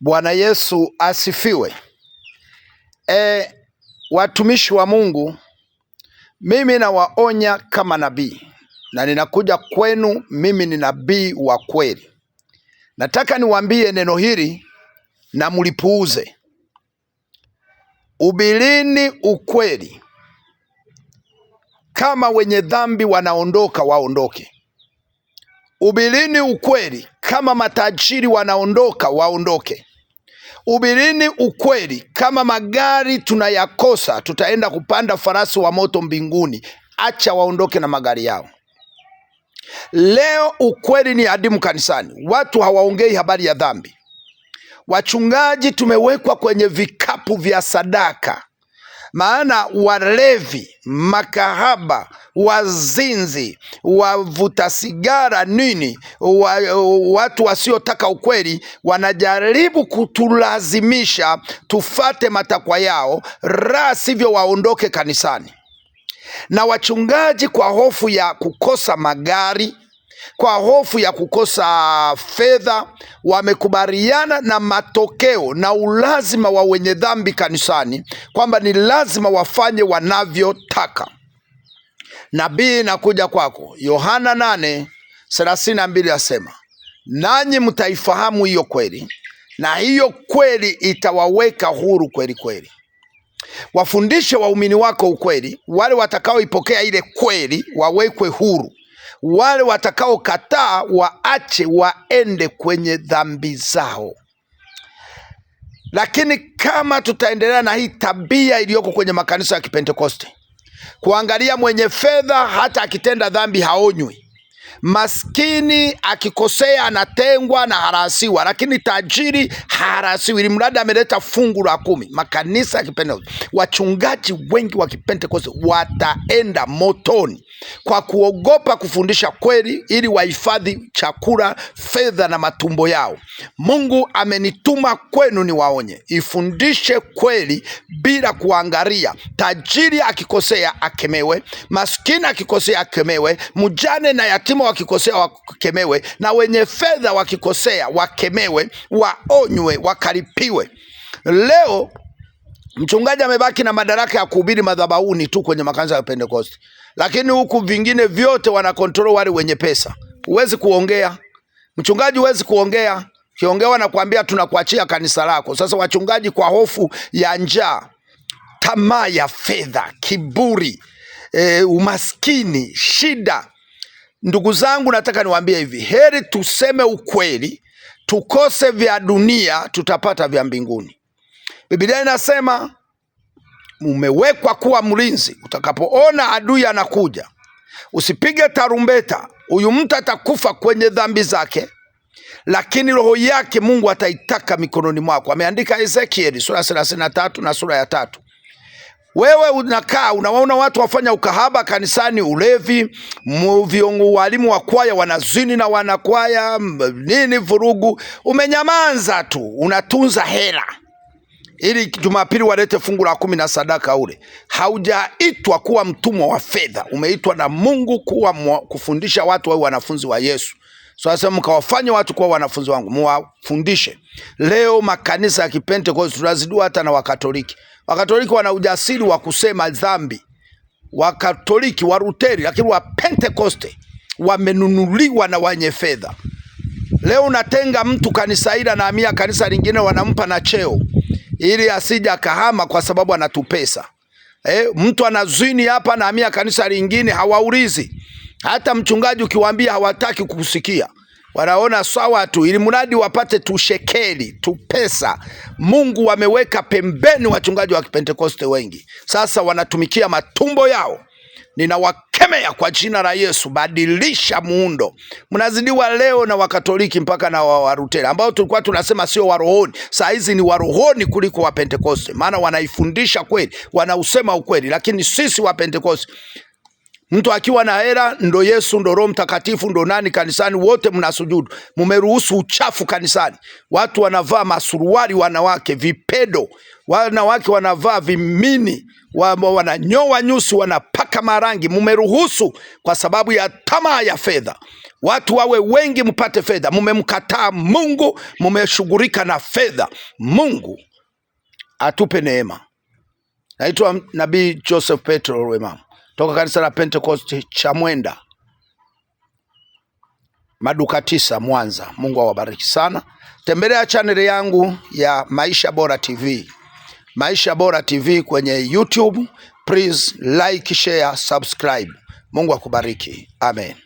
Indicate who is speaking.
Speaker 1: Bwana Yesu asifiwe. E, watumishi wa Mungu, mimi nawaonya kama nabii, na ninakuja kwenu, mimi ni nabii wa kweli. Nataka niwaambie neno hili na mlipuuze. ubilini ukweli, kama wenye dhambi wanaondoka, waondoke ubirini ukweli. Kama matajiri wanaondoka, waondoke. ubirini ukweli. Kama magari tunayakosa, tutaenda kupanda farasi wa moto mbinguni. Acha waondoke na magari yao. Leo ukweli ni adimu kanisani. Watu hawaongei habari ya dhambi. Wachungaji tumewekwa kwenye vikapu vya sadaka maana walevi, makahaba, wazinzi, wavuta sigara, nini wa, watu wasiotaka ukweli wanajaribu kutulazimisha tufate matakwa yao, la sivyo waondoke kanisani. Na wachungaji kwa hofu ya kukosa magari, kwa hofu ya kukosa fedha wamekubaliana na matokeo na ulazima wa wenye dhambi kanisani kwamba ni lazima wafanye wanavyotaka. Nabii nakuja kwako, Yohana 8:32 asema, nanyi mtaifahamu hiyo kweli na hiyo kweli itawaweka huru kweli kweli. Wafundishe waumini wako ukweli, wale watakaoipokea ile kweli wawekwe huru wale watakaokataa waache waende kwenye dhambi zao. Lakini kama tutaendelea na hii tabia iliyoko kwenye makanisa ya Kipentekoste, kuangalia mwenye fedha hata akitenda dhambi haonywi Maskini akikosea anatengwa na harasiwa, lakini tajiri harasiwi, ili mradi ameleta fungu la kumi. Makanisa ya Kipentekoste, wachungaji wengi wa Kipentekoste wataenda motoni kwa kuogopa kufundisha kweli, ili wahifadhi chakula, fedha na matumbo yao. Mungu amenituma kwenu niwaonye, ifundishe kweli bila kuangalia. Tajiri akikosea akemewe, maskini akikosea akemewe, mjane na yatima wakikosea wakemewe, na wenye fedha wakikosea wakemewe, waonywe, wakaripiwe. Leo mchungaji amebaki na madaraka ya kuhubiri madhabahuni tu kwenye makanisa ya Pentekoste, lakini huku vingine vyote wanakontrol wale wenye pesa. Huwezi kuongea mchungaji, huwezi kuongea kiongea, wanakuambia tunakuachia kanisa lako. Sasa wachungaji kwa hofu ya njaa, tamaa ya fedha, kiburi, e, umaskini, shida Ndugu zangu, nataka niwaambie hivi, heri tuseme ukweli, tukose vya dunia, tutapata vya mbinguni. Biblia inasema umewekwa kuwa mlinzi, utakapoona adui anakuja usipige tarumbeta. Huyu mtu atakufa kwenye dhambi zake, lakini roho yake Mungu ataitaka mikononi mwako. Ameandika Ezekieli sura tatu na sura ya tatu. Wewe unakaa unawaona watu wafanya ukahaba kanisani, ulevi, walimu wa kwaya wanazini na wanakwaya nini, vurugu. Umenyamanza tu, unatunza hela ili Jumapili walete fungu la kumi na sadaka ule. Haujaitwa kuwa mtumwa wa fedha, umeitwa na Mungu kuwa mwa, kufundisha watu wawe wanafunzi wa Yesu. So, asema mkawafanye watu kuwa wanafunzi wangu, muwafundishe. Leo makanisa ya Kipentekoste tunazidua hata na Wakatoliki Wakatoliki wana ujasiri wa kusema dhambi. Wakatoliki wa Luteri, lakini wa Pentekoste wamenunuliwa na wenye fedha. Leo unatenga mtu kanisa ila na amia kanisa lingine wanampa na cheo ili asija kahama kwa sababu anatupesa. Eh, mtu anazwini hapa na amia kanisa lingine hawaulizi. Hata mchungaji ukiwaambia hawataki kukusikia wanaona sawa tu, ili mradi wapate tu shekeli tu pesa. Mungu wameweka pembeni wachungaji wa Pentekoste wengi, sasa wanatumikia matumbo yao. Ninawakemea kwa jina la Yesu, badilisha muundo. Mnazidiwa leo na Wakatoliki mpaka na Warutela ambao tulikuwa tunasema sio warohoni, saa hizi ni warohoni kuliko Wapentekoste, maana wanaifundisha kweli, wanausema ukweli, lakini sisi Wapentekoste Mtu akiwa na hela ndo Yesu ndo Roho Mtakatifu ndo nani kanisani, wote mnasujudu. Mumeruhusu uchafu kanisani, watu wanavaa masuruali, wanawake vipedo, wanawake wanavaa vimini, wananyoa nyusi, wanapaka marangi. Mumeruhusu kwa sababu ya tamaa ya fedha, watu wawe wengi mpate fedha. Mumemkataa Mungu, mumeshughulika na fedha. Mungu atupe neema. Naitwa Nabii Joseph Petro Lwemama toka kanisa la Pentecost Chamwenda maduka tisa Mwanza. Mungu awabariki sana. Tembelea chaneli yangu ya Maisha Bora TV, Maisha Bora TV kwenye YouTube. Please like, share, subscribe. Mungu akubariki. Amen.